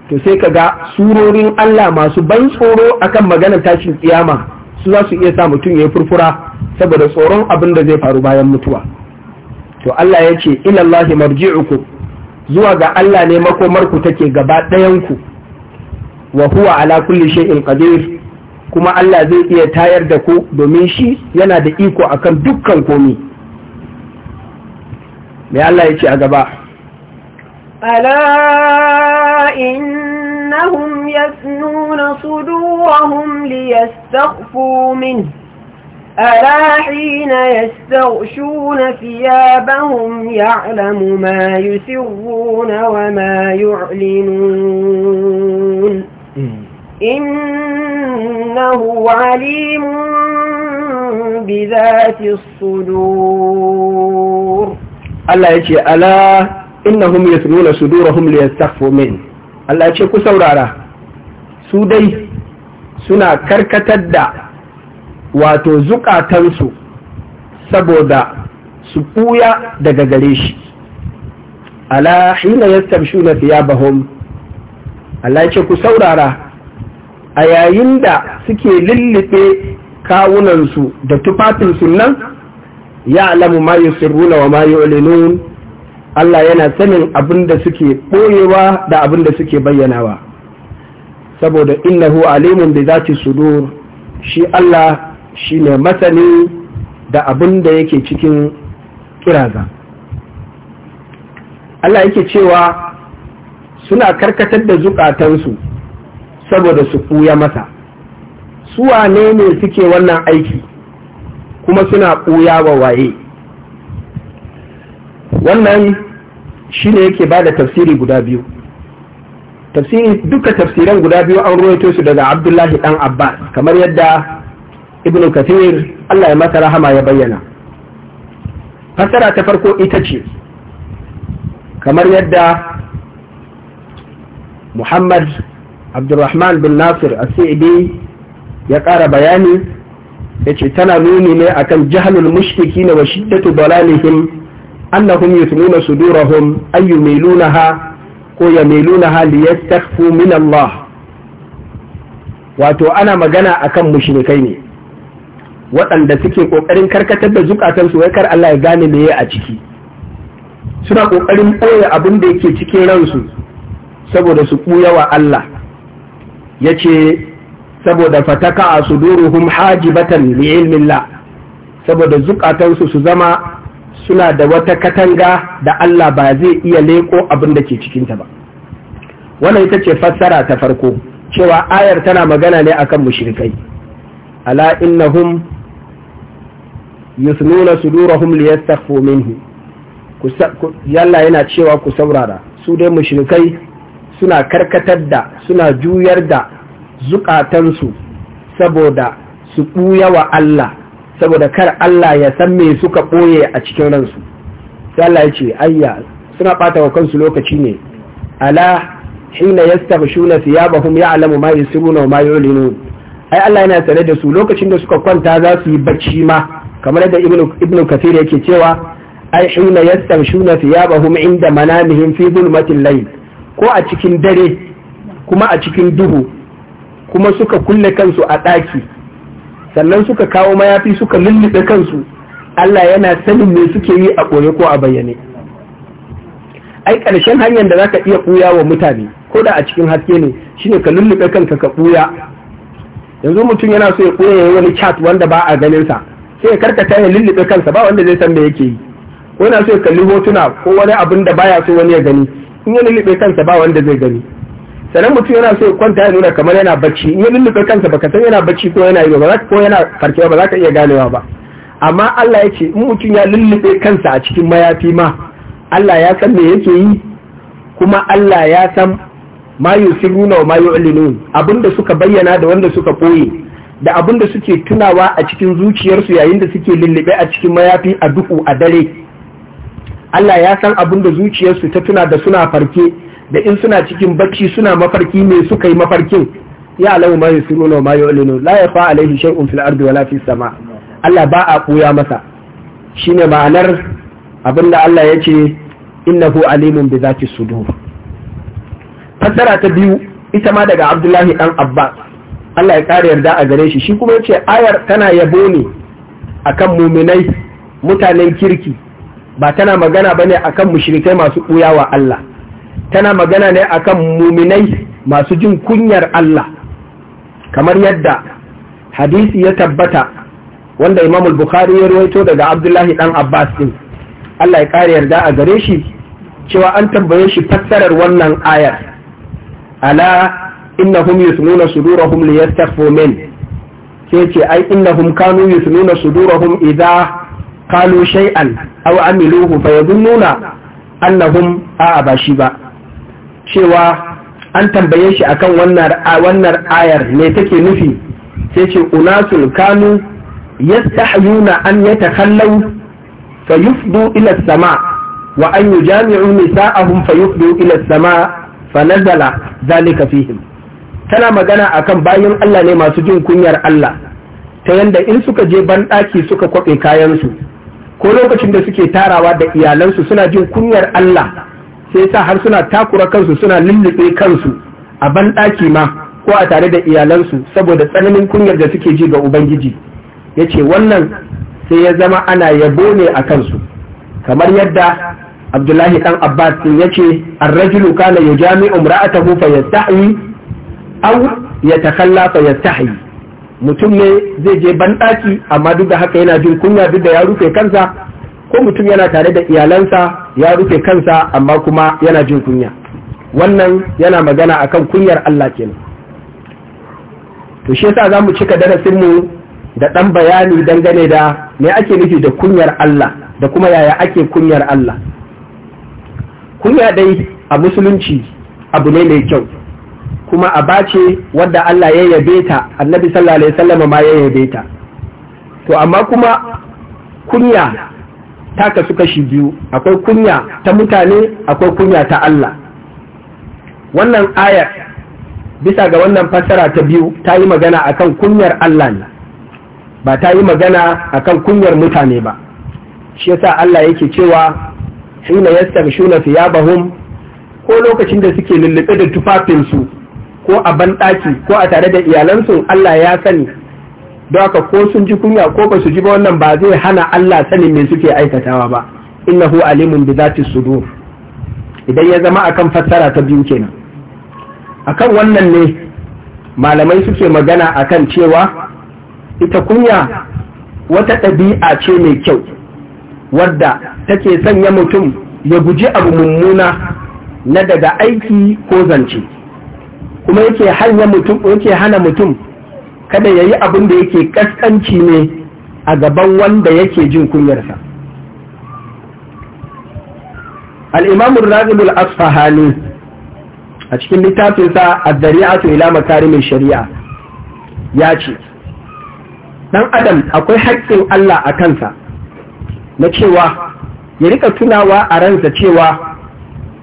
to sai ka ga surorin Allah masu ban tsoro akan maganar tashin kiyama su za su iya sa mutum ya yi furfura saboda tsoron abin da zai faru bayan mutuwa to Allah ya ce ilallahi marji'uku zuwa ga Allah ne makomarku take gaba ɗayanku wa huwa ala kulli shay'in qadir kuma Allah zai iya tayar da ku domin shi yana da iko akan dukkan komi Me Allah ya ce a gaba ala innahum yasnuna صدورهم liyastaghfu minhu ألا حين يستغشون ثيابهم يعلم ما يسرون وما يعلنون إنه عليم بذات الصدور ألا يتي ألا إنهم يثنون صدورهم ليستخفوا منه ألا يجي كسورارا سودي سنا كركتد wato zukatansu saboda su ɓuya daga gare shi ala hina yastamshuna thiyabahum Allah ce ku saurara a yayin da suke lullube kawunansu da tufafinsu nan ya alamu ma yusirruna wa ma olinun Allah yana sanin abin da suke ɓoyewa da abin da suke bayyanawa saboda innahu alimun da za sudur shi Allah Shi ne masani da abin da yake cikin kiraza Allah yake cewa suna karkatar da zukatansu saboda su kuya masa su wanene ne suke wannan aiki kuma suna kuya wa waye wannan shi ne yake ba da tafsiri guda biyu duka tafsiran guda biyu an ruwaito su daga abdullahi ɗan abbas kamar yadda ibn kathir Allah ya masa rahama ya bayyana fassara ta farko ita ce kamar yadda muhammad abdurrahman bin nasir asidi ya ƙara bayani ya ce tana nuni ne akan jahalul mushriki na wa shiddatu dalalihim annahum yutmuna sudurahum ay mailunaha ko yamilunaha liyastakhfu min Allah wato ana magana akan mushrikai ne waɗanda suke ƙoƙarin karkatar da zukatansu wai kar Allah ya gane me ya a ciki suna ƙoƙarin ɓoye abin da yake cikin ransu saboda su ɓuya wa Allah ya ce saboda fataka a su duruhum hajibatan li ilmillah saboda zukatansu su zama suna da wata katanga da Allah ba zai iya leƙo abin da ke cikinta ba wannan ita ce fassara ta farko cewa ayar tana magana ne akan mushrikai ala innahum yusnuna sudurahum liyastakhfu minhu yalla yana cewa ku saurara su dai mushrikai suna karkatar da suna juyar da zukatansu saboda su buya wa Allah saboda kar Allah ya san me suka ɓoye a cikin ransu sai Allah ya ce ayya suna ɓata wa kansu lokaci ne ala hina yastaghshuna thiyabahum ya'lamu ma yusiruna wa ma yu'linun ai Allah yana tare da su lokacin da suka kwanta za su yi bacci ma kamar yadda ibnu kafir yake cewa ai hina yastamshuna thiyabahum inda manamihim fi zulmatil layl ko a cikin dare kuma a cikin duhu kuma suka kulle kansu a ɗaki sannan suka kawo mayafi suka lullube kansu Allah yana sanin me suke yi a ɓoye ko a bayyane ai ƙarshen hanyar da zaka iya buya wa mutane ko da a cikin haske ne shine ka lullube kanka ka buya yanzu mutum yana so ya ɓoye wani chat wanda ba a ganin sa sai karka ta ya lullube kansa ba wanda zai san me yake yi ko yana so ya kalli hotuna ko wani abin da baya so wani ya gani in ya lullube kansa ba wanda zai gani sannan mutum yana so ya kwanta ya nuna kamar yana bacci in ya lullube kansa baka san yana bacci ko yana yi ba ko yana farkewa ba za ka iya ganewa ba amma Allah ya ce in mutum ya lullube kansa a cikin mayafi ma Allah ya san me yake yi kuma Allah ya san ma yusiruna wa ma yu'linun abinda suka bayyana da wanda suka koye da abin da suke tunawa a cikin zuciyarsu yayin da suke lullube a cikin mayafi a duhu a dare Allah ya san abin da zuciyarsu ta tuna da suna farke da in suna cikin bacci suna mafarki ne suka yi mafarkin ya alamu ma yi wa ma yu'linu la yafa alaihi shay'un fil ardi wala sama Allah ba a koya masa shine ma'anar abin da Allah ya ce innahu alimun bi zati sudur fassara ta biyu ita ma daga Abdullahi ɗan Abbas Allah ya kare yarda a gare shi shi kuma yace ayar tana yabo ne akan muminai mutanen kirki ba tana magana bane akan mushrikai masu ɓuyawa Allah tana magana ne akan muminai masu jin kunyar Allah kamar yadda hadisi ya tabbata wanda Imam Bukhari ya ruwaito daga Abdullahi dan Abbas din Allah ya kare yarda a gare shi cewa an tambaye shi fassarar wannan ayar ala innahum yusnuna sudurahum liyastaghfu min sai ce ai innahum kanu yusnuna sudurahum idza qalu shay'an aw amiluhu fayadunnuna annahum a'a ba shi ba cewa an tambaye shi akan wannan wannan ayar me take nufi sai ce unasul kanu yastahyuna an yatakhallaw fayufdu ila as-sama wa an yujami'u nisa'ahum fayufdu ila as-sama fanazala dhalika fihim tana magana akan bayan Allah ne masu jin kunyar Allah ta yanda in suka je banɗaki suka kwaɓe kayansu ko lokacin da suke tarawa da iyalansu suna jin kunyar Allah sai sa har suna takura kansu suna lulluɓe kansu a banɗaki ma ko a tare da iyalansu saboda tsananin kunyar da suke ji ga Ubangiji ya ce wannan sai ya zama ana yabo ne a kansu kamar yadda abdullahi ɗan abbas ya ce arrajulu kana ya jami'u ra'atahu fa yasta'i au ya takalla fa tahi mutum ne zai je banɗaki amma duk da haka yana jin kunya duk da ya rufe kansa ko mutum yana tare da iyalansa ya rufe kansa amma kuma yana jin kunya wannan yana magana akan kunyar Allah kenan to shi yasa zamu cika darasin mu da dan bayani dangane da me ake nufi da kunyar Allah da kuma yaya ake kunyar Allah kunya dai a musulunci abu ne mai kyau kuma aba ce wadda Allah ya yabe ta annabi sallallahu alaihi wasallam ma ya yabe ta to amma kuma kunya ta kasu kashi biyu akwai kunya ta mutane akwai kunya ta Allah wannan ayar bisa ga wannan fassara ta biyu ta yi magana akan kunyar Allah ne ba ta yi magana akan kunyar mutane ba shi yasa Allah yake cewa hina yastamshuna thiyabahum ko lokacin da suke lullube da tufafinsu ko a banɗaki ko a tare da iyalansu Allah ya sani don haka ko sun ji kunya ko ba su ji ba wannan ba zai hana Allah sani me suke aikatawa ba innahu alimun bi zati sudur idan ya zama akan fassara ta biyu kenan akan wannan ne malamai suke magana akan cewa ita kunya wata ɗabi'a ce mai kyau wadda take sanya mutum ya guji abu mummuna na daga aiki ko zance kuma yake hanya mutum yake hana mutum kada yayi abin da yake kaskanci ne a gaban wanda yake jin kunyarsa al-imam ar-razib al-asfahani a cikin littafinsa ad-dari'atu ila makarimin shari'a ya ce dan adam akwai haƙƙin Allah a kansa na cewa ya rika tunawa a ransa cewa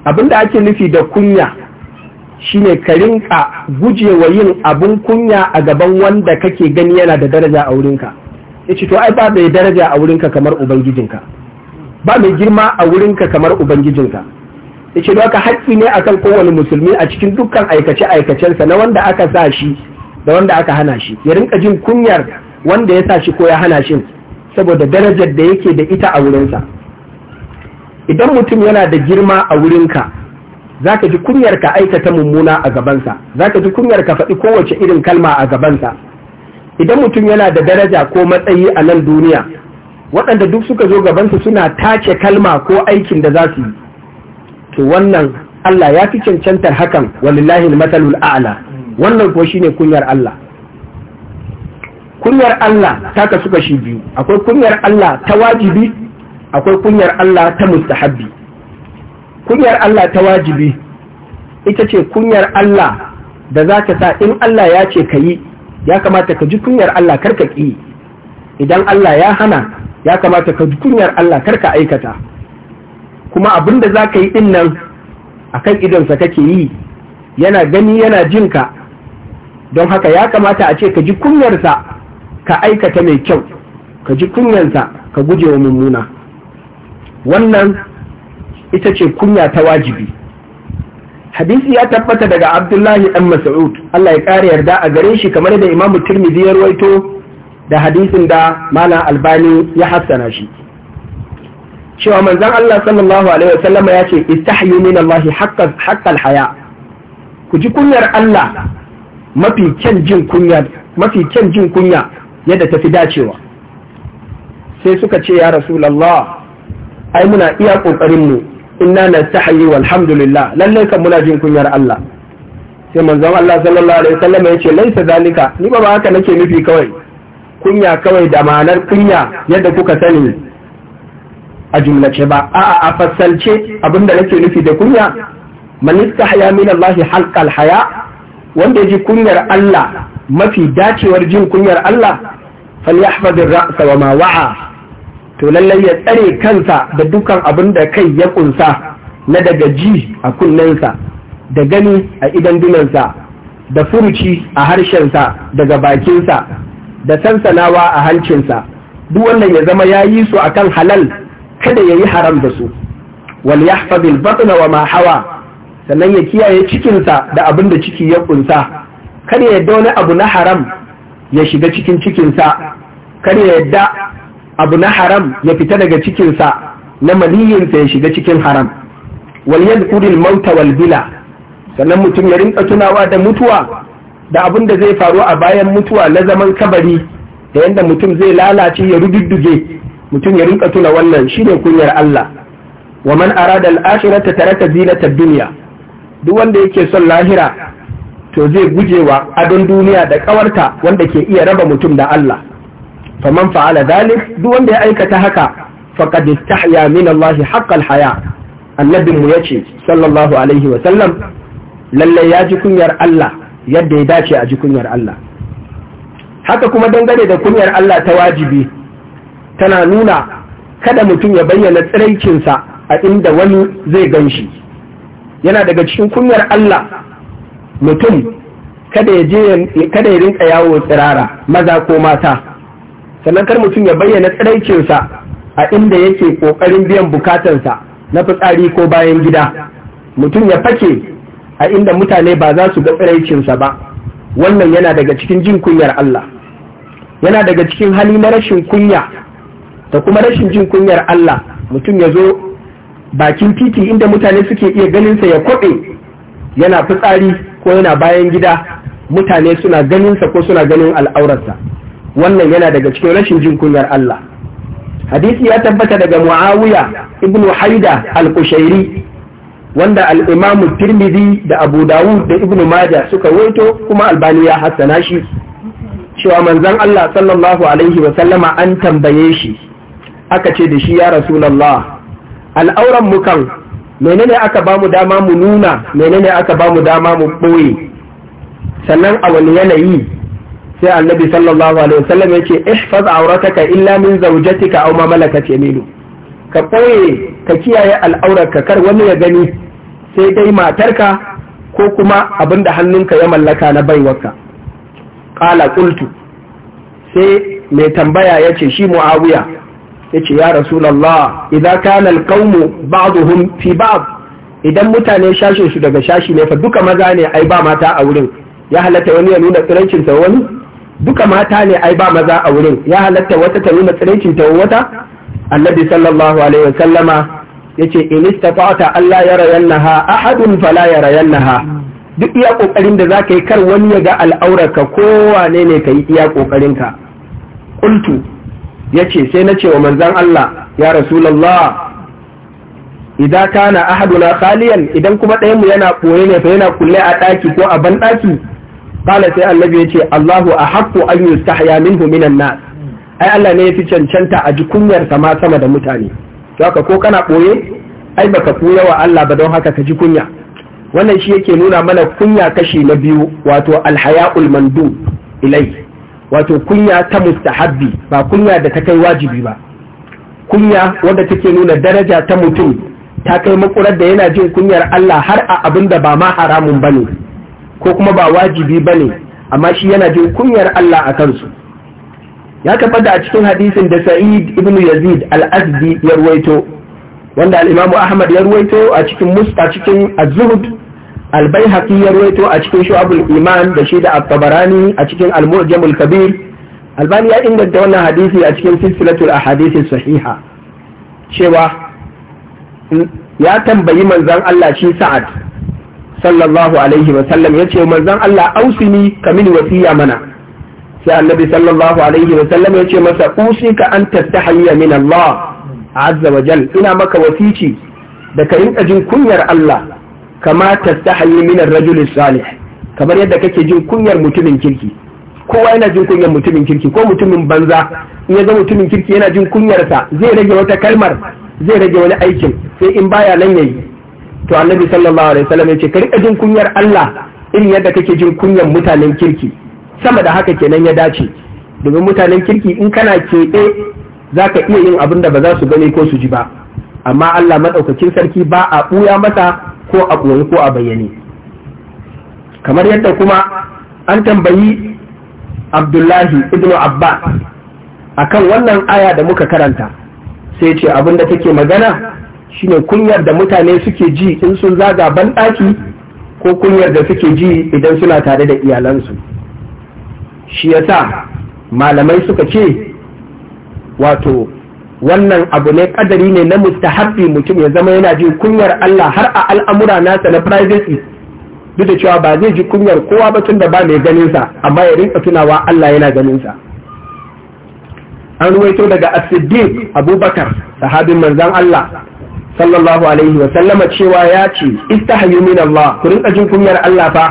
abinda ake nufi da kunya Shi shine ka rinka gujewa yin abun kunya a gaban wanda kake gani yana da daraja a wurinka ce to ai ba mai daraja a wurinka kamar ubangijinka ba mai girma a wurinka kamar ubangijinka ya ce haka haƙƙi ne akan kowane musulmi a cikin dukkan aikace aikacensa na wanda aka sa shi da wanda aka hana shi ya rinka jin kunyar wanda ya sa shi ko ya hana shi saboda darajar da yake da ita a wurinsa idan mutum yana da girma a wurinka za ka ji kunyar ka aikata mummuna a gabansa za ka ji kunyar ka faɗi kowace irin kalma a gabansa idan mutum yana da daraja ko matsayi a nan duniya waɗanda duk suka zo gabansa suna tace kalma ko aikin da za su yi to wannan Allah ya fi cancantar hakan walillahi matalul a'la wannan ko shine kunyar Allah kunyar Allah ta kasu kashi biyu akwai kunyar Allah ta wajibi akwai kunyar Allah ta mustahabbi kunyar Allah ta wajibi ita ce kunyar Allah da za ka sa in Allah ya ce ka yi ya kamata ka ji kunyar Allah karka ƙi idan Allah ya hana ya kamata ka ji kunyar Allah karka aikata kuma abin da za ka yi din nan a kan idonsa kake yi yana gani yana jinka don haka ya kamata a ce ka ji kunyarsa ka aikata mai kyau ka ji kunyarsa ka guje wa mummuna wannan ita ce kunya ta wajibi hadisi ya tabbata daga abdullahi dan mas'ud Allah ya kare yarda a gare shi kamar da imam tirmidhi ya ruwaito da hadisin da malam albani ya hassana shi cewa manzon Allah sallallahu alaihi wasallam ya ce istahyu min Allah haqqal haya ku ji kunyar Allah mafi kyan jin kunya mafi kyan jin yadda tafi dacewa sai suka ce ya rasulullah ai muna iya kokarin mu inna nastahyi walhamdulillah lalle kan muna jin kunyar Allah sai manzon Allah sallallahu alaihi wasallam ya ce laisa zalika ni ba haka nake nufi kawai kunya kawai da ma'anar kunya yadda kuka sani a jumlace ba a'a a fassalce abinda nake nufi da kunya man istahya min Allah halqal haya wanda ji kunyar Allah mafi dacewar jin kunyar Allah falyahfazir ra'sa wa ma wa'a to lallai ya tsare kansa da dukan abin da kai ya kunsa na daga ji a kunnensa da gani a idan dunansa da furuci a harshensa daga bakinsa da sansanawa a hancinsa duk wannan ya zama ya yi su akan halal kada ya yi haram da su wal yahfazil batna wa ma hawa sannan ya kiyaye cikinsa da abin da ciki ya kunsa kada ya yadda wani abu na haram ya shiga cikin cikinsa kada ya yadda abu na haram ya fita daga cikinsa na maniyinsa ya shiga cikin haram wal yadkuril mauta wal bila sannan mutum ya rinka tunawa da mutuwa da abin da zai faru a bayan mutuwa na zaman kabari da yadda mutum zai lalace ya rududduge mutum ya rinka tuna wannan shine kunyar Allah wa man arada al-akhirata taraka zinata dunya duk wanda yake son lahira to zai gujewa adon duniya da ƙawarta wanda ke iya raba mutum da Allah faman fa'ala dalik duk wanda ya aikata haka faqad istahya min Allah haqqal haya annabinmu ya ce, sallallahu alaihi wa sallam lalle ya ji kunyar Allah yadda ya dace a ji kunyar Allah haka kuma dangane da kunyar Allah ta wajibi tana nuna kada mutum ya bayyana tsiraicinsa a inda wani zai ganshi, yana daga cikin kunyar Allah mutum kada ya rinka yawo tsirara maza ko mata sannan kar mutum ya bayyana tsiraicinsa a inda yake ƙoƙarin biyan bukatansa na fitsari ko bayan gida mutum ya fake a inda mutane ba za su ga tsiraicinsa ba wannan yana daga cikin jin kunyar Allah yana daga cikin hali na rashin kunya da kuma rashin jin kunyar Allah mutum ya zo bakin titi inda mutane suke iya ganinsa ya kwaɓe yana fitsari ko yana bayan gida mutane suna ganinsa ko suna ganin al'aurarsa wannan yana daga cikin rashin jin kunyar Allah hadisi ya tabbata daga Muawiya ibn Haida al-Qushairi wanda al-Imam Tirmidhi da Abu Dawud da Ibn Majah suka waito kuma Albani ya hassana shi cewa manzon Allah sallallahu alaihi wa sallama an tambaye shi aka ce da shi ya Rasulullah al'auran mukan menene aka bamu dama mu nuna menene aka bamu dama mu boye sannan a wani yanayi sai annabi sallallahu alaihi wasallam ya ihfaz aurataka illa min zawjatika aw ma malakat yaminu ka koye ka kiyaye al'aurarka kar wani ya gani sai dai matarka ko kuma abinda hannunka ya mallaka na baiwarka qala qultu sai mai tambaya ya ce shi muawiya ya ce ya rasulallah idan kana alqawmu ba'dhum fi ba'd idan mutane shashin su daga shashi ne fa duka maza ne ai ba mata a wurin ya halatta wani ya nuna tsirancinsa wani duka mata ne ai ba maza a wurin ya halatta wata ta nuna matsalancin ta wata annabi sallallahu alaihi wa sallama yace in istata'ta Allah ya yannaha ahadun fala ya yannaha duk iya kokarin da zaka yi kar wani ya ga al'aurarka kowane ne kai iya kokarin ka qultu yace sai na ce wa manzon Allah ya rasulullah idan kana ahaduna khaliyan idan kuma ɗayan mu yana koye ne fa yana kulle a ɗaki ko a ban kala sai annabi ce Allahu a haƙƙo an yustahya minhu minan na ai Allah ne ya fi cancanta a ji kunyar sama sama da mutane haka ko kana ɓoye? ai baka koya wa Allah ba don haka ka ji kunya wannan shi yake nuna mana kunya kashi na biyu wato alhaya'ul mandu ilai wato kunya ta mustahabbi ba kunya da ta kai wajibi ba kunya wanda take nuna daraja ta mutum ta kai makurar da yana jin kunyar Allah har a abin da ba ma haramun ne. ko kuma ba wajibi ba ne amma shi yana jin kunyar Allah a kansu ya tabbata a cikin hadisin da sa'id ibn yazid al-azdi ya ruwaito wanda al-imamu ahmad ya ruwaito a cikin musta cikin az-zuhd al-baihaqi ya ruwaito a cikin shu'abul iman da shi da at-tabarani a cikin al-mu'jam al-kabir albani ya inganta wannan hadisi a cikin silsilatul ahadith sahiha cewa ya tambayi manzon Allah shi sa'ad sallallahu alaihi wa sallam yace manzan Allah ausini ka mini wasiya mana sai annabi sallallahu alaihi wa sallam ce masa usika an tattahayya min Allah azza wa jal ina maka wasici da ka rinka jin kunyar Allah kama tattahayyi min ar-rajul salih kamar yadda kake jin kunyar mutumin kirki kowa yana jin kunyar mutumin kirki ko mutumin banza in ya ga mutumin kirki yana jin kunyarsa zai rage wata kalmar zai rage wani aikin sai in baya nan yayi to annabi sallallahu alaihi wasallam yace ka rika jin kunyar Allah irin yadda kake jin kunyar mutanen kirki sama da haka kenan ya dace domin mutanen kirki in kana keɓe za ka iya yin abin da ba za su gani ko su ji ba amma Allah maɗaukacin sarki ba a ɓuya masa ko a ɓoye ko a bayyane kamar yadda kuma an tambayi abdullahi ibn abbas akan wannan aya da muka karanta sai ce abin da take magana shine kunyar da mutane suke ji in sun zaga banɗaki ko kunyar da suke ji idan suna tare da iyalansu shi yasa malamai suka ce wato wannan abu ne kadari ne na mustahabbi mutum ya zama yana jin kunyar Allah har a al'amura nasa na privacy duk da cewa ba zai ji kunyar kowa ba tun da ba mai ganinsa amma ya rinka tunawa Allah yana ganinsa an ruwaito daga as abubakar sahabin manzon Allah sallallahu alaihi wa sallama cewa ya ce ista min Allah ku rinka jin kunyar Allah fa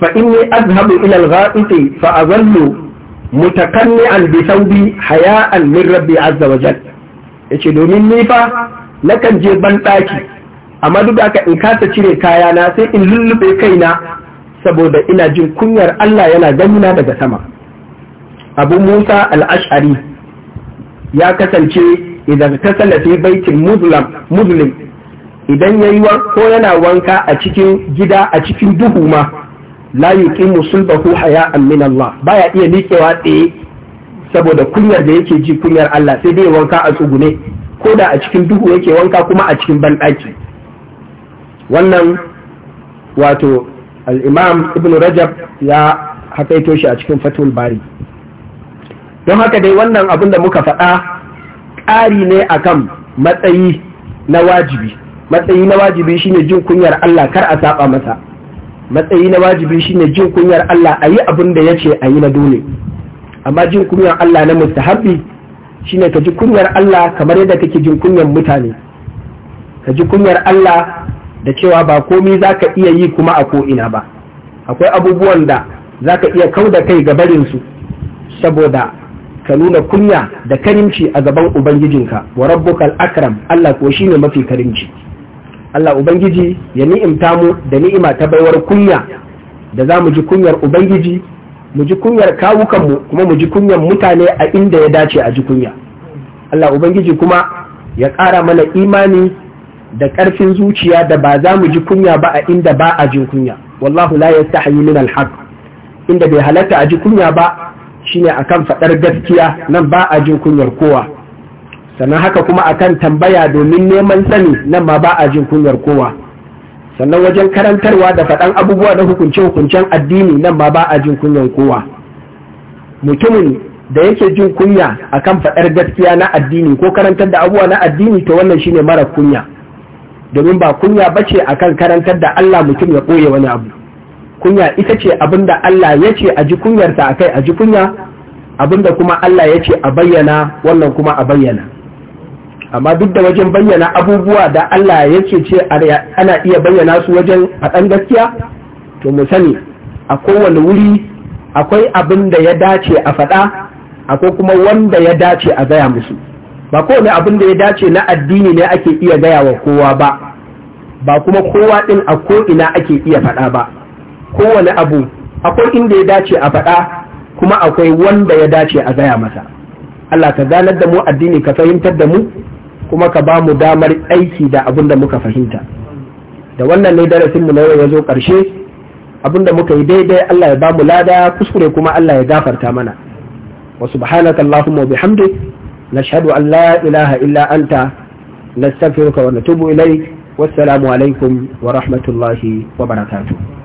fa inni azhabu ila al-gha'iti fa azallu mutakanni'an bi thawbi haya'an min rabbi azza wa jalla yace domin ni fa nakan je ban daki amma duk da in kasa cire kaya na sai in lullube kaina saboda ina jin kunyar Allah yana ganina daga sama Abu Musa al-Ash'ari ya kasance idan ta salafi baitin muslim muslim idan yayi ko yana wanka a cikin gida a cikin duhu ma la yuqimu sulbahu haya'an min Allah baya iya niƙewa tsaye saboda kunyar da yake ji kunyar Allah sai dai wanka a tsugune ko da a cikin duhu yake wanka kuma a cikin banɗaki wannan wato Al-Imam ibn rajab ya hakaito shi a cikin fatul bari don haka dai wannan abin da muka faɗa ƙari ne a kan matsayi na wajibi matsayi na wajibi shine jin kunyar Allah kar a saba masa matsayi na wajibi shine jin kunyar Allah a yi abin da ya ce a yi na dole amma jin kunyar Allah na mustahabbi shine ka ji kunyar Allah kamar yadda kake jin kunyar mutane ka ji kunyar Allah da cewa ba komi za ka iya yi kuma a ko'ina ba akwai abubuwan da za ka iya kau da kai ga barinsu saboda ka nuna kunya da karimci a gaban ubangijinka wa rabbukal akram Allah ko shine mafi karimci Allah ubangiji ya ni'imta mu da ni'ima ta baiwar kunya da za mu ji kunyar ubangiji mu ji kunyar kawukanmu kuma mu ji kunyar mutane a inda ya dace a ji kunya Allah ubangiji kuma ya ƙara mana imani da ƙarfin zuciya da ba za mu ji kunya ba a inda ba a jin kunya wallahu la yastahi min al inda bai halatta a ji kunya ba shine akan faɗar gaskiya nan ba a jin kunyar kowa sannan haka kuma akan tambaya domin neman sani nan ma ba a jin kunyar kowa sannan wajen karantarwa da faɗan abubuwa na hukunce-hukuncen addini nan ma ba a jin kunyar kowa mutumin da yake jin kunya akan faɗar gaskiya na addini ko karantar da abubuwa na addini to wannan shine mara kunya domin ba kunya bace akan karantar da Allah mutum ya ɓoye wani abu kunya ita ce abinda Allah ya ce a ji kunyarta a kai a ji kunya abinda kuma Allah ya ce a bayyana wannan kuma a bayyana amma duk da wajen bayyana abubuwa da Allah ya ce ce ana iya bayyana su wajen faɗan gaskiya to mu sani a kowane wuri akwai abin da ya dace a faɗa akwai kuma wanda ya dace a gaya musu ba kowane abin da ya dace na addini ne ake iya gaya wa kowa ba ba kuma kowa ɗin a ko'ina ake iya faɗa ba kowane abu akwai inda ya dace a faɗa kuma akwai wanda ya dace a gaya masa Allah ka ganar da mu addini ka fahimtar da mu kuma ka ba mu damar aiki da abin da muka fahimta da wannan ne darasin mu na yau ya zo ƙarshe abin da muka yi daidai Allah ya ba mu lada kuskure kuma Allah ya gafarta mana wa subhanaka allahumma bihamdik nashhadu an la ilaha illa anta nastaghfiruka wa natubu ilayk wassalamu alaikum wa rahmatullahi wa